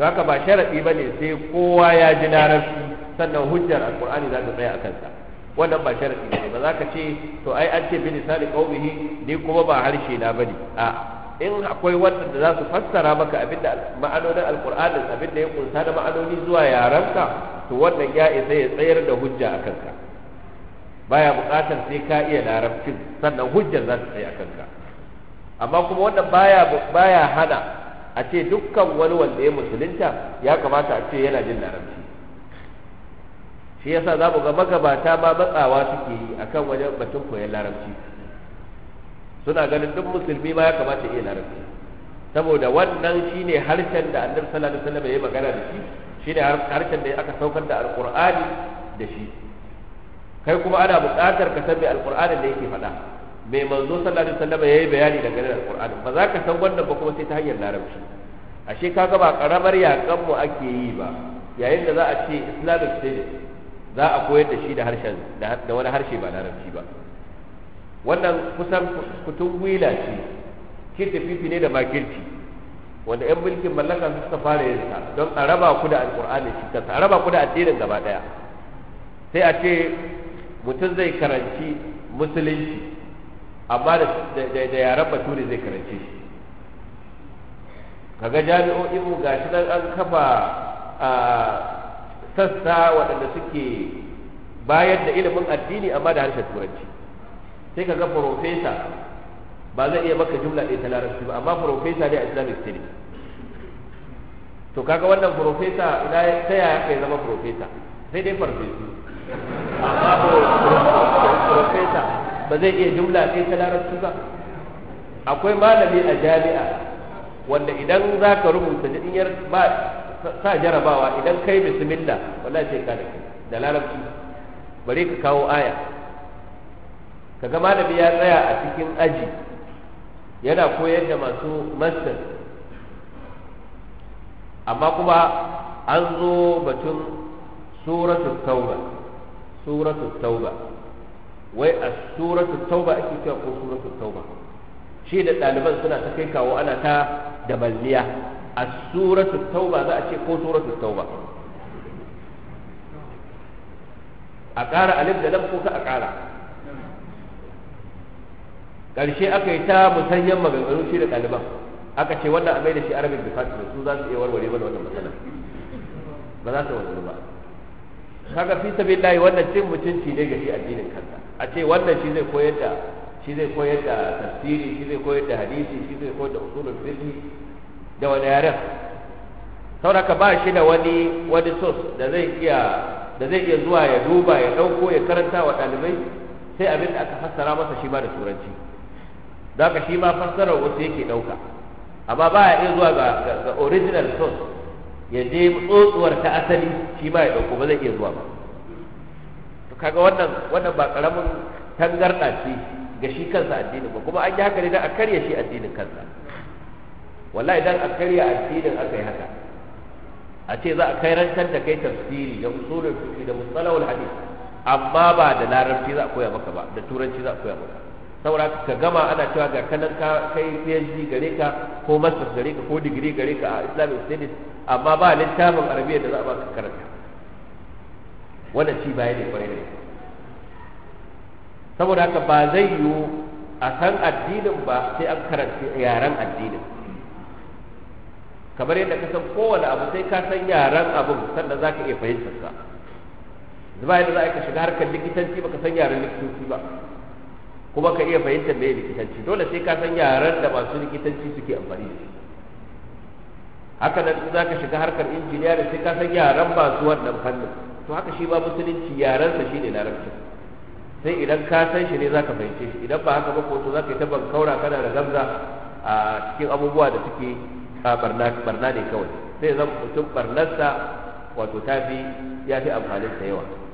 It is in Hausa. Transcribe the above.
don haka ba sharaɗi ba ne sai kowa ya ji larabci sannan hujjar alkur'ani za ta tsaya a kansa wannan ba sharaɗi ba ne ba za ka ce to ai an ce bi lisani qaumihi ni kuma ba harshe na ba ne. a in akwai wanda za su fassara maka abin da ma'anonin alkur'anin da ya kunsa da ma'anoni zuwa yaranka to wannan ya isa ya tsayar da hujja a kanka baya buƙatar sai ka iya larabcin sannan hujjar za ta tsaye a kanka amma kuma wannan baya baya hana a ce dukkan wani wanda ya musulunta ya kamata a ce yana jin larabci shi yasa za mu ga magabata ma matsawa suke yi a akan wajen batun koyon larabci suna ganin duk musulmi ma ya kamata iya larabci saboda wannan shi ne harshen da annabi sallallahu alaihi wasallam ya magana da shi shi ne harshen da aka saukar da alqur'ani da shi kai kuma ana buƙatar ka san me Alƙur'anin da yake faɗa mai manzo sallallahu alaihi wasallam yayi bayani daga nan alqur'ani ba za ka san wannan ba kuma sai ta hanyar larabci ashe kaga ba karamar yakan mu ake yi ba yayin da za a ce islamic state za a koyar da shi da harshen da wani harshe ba larabci ba wannan kusan kutun wila ce kirta fifi ne da makirci wanda yan mulkin mallaka suka fara yin sa don a raba ku da alqur'ani shi kansa a raba ku da addinin gaba daya sai a ce mutum zai karanci musulunci amma da yaren bature zai karance shi kaga jami'o'in mu gashi nan an kafa sassa waɗanda suke bayar da ilimin addini amma da harshen turanci sai kaga profesa ba zai iya maka jumla ɗaya ta larabci ba amma profesa ne a islamic study to kaga wannan profesa ta yaya kai zama profesa sai dai farfesu amma ba zai iya jumla sai ta larabci ba akwai malami a jami'a wanda idan za ka rubuta in yar ba sa jarabawa idan kai bismillah wallahi sai ka da larabci bare ka kawo aya kaga malami ya tsaya a cikin aji yana koyar da masu master amma kuma an zo batun suratul tauba suratul tauba wai a suratul tauba ake cewa ko suratul tauba shi da ɗaliban suna ta kai kawo ana ta da balliya a suratul tauba za a ce ko suratul tauba a ƙara alif da lam ko ka a ƙara ƙarshe aka yi ta musayyan maganganu shi da ɗaliban aka ce wannan a mai da shi arabic department su za su iya warware mana wannan matsalar ba za su warware ba kaga fi sabilillahi wannan cin mutunci ne ga shi addinin kansa a ce wannan shi zai koyar da shi zai koyar da tafsiri shi zai koyar da hadisi shi zai koyar da usulul fiqh da wani yaren sauraka ba shi da wani wani sos da zai iya da zai iya zuwa ya duba ya dauko ya karanta wa dalibai sai abin da aka fassara masa shi ba da turanci da ka shi ma fassarar wasu yake dauka amma ba ya iya zuwa ga original source ya je tsotsuwar ta asali shi ma ya dauko ba zai iya zuwa ba to kaga wannan wannan ba karamin tangarda ce ga shi kansa addinin ba kuma an yi haka ne dan a karya shi addinin kansa wallahi dan a karya addinin aka yi haka a ce za a kai rantar da kai tafsiri da usulul fiqh da musalawar hadith amma ba da larabci za a koya maka ba da turanci za a koya maka saboda ka gama ana cewa ga kanan ka kai PhD gare ka ko masters gare ka ko digiri gare ka a Islamic studies amma ba littafin arabiya da za a baka karanta wannan ci baya ne kwarai ne saboda haka ba zai yiwu a san addinin ba sai an karanta yaren addinin kamar yadda ka san kowane abu sai ka san yaren abin sannan za ka iya fahimtar sa zuba yadda za ka shiga harkar likitanci baka san yaren likitanci ba kuma ka iya fahimtar me likitanci dole sai ka san yaran da masu likitanci suke amfani da shi haka nan za ka shiga harkar injiniya da sai ka san yaran masu wannan fannin to haka shi ba musulunci yaransa shi ne larabci sai idan ka san shi ne za ka fahimce shi idan ba haka ba ko to za ka yi ta kaura kana da gamza a cikin abubuwa da suke barna ne kawai sai zan mutum barnarsa wato ta fi ya fi amfaninsa yawa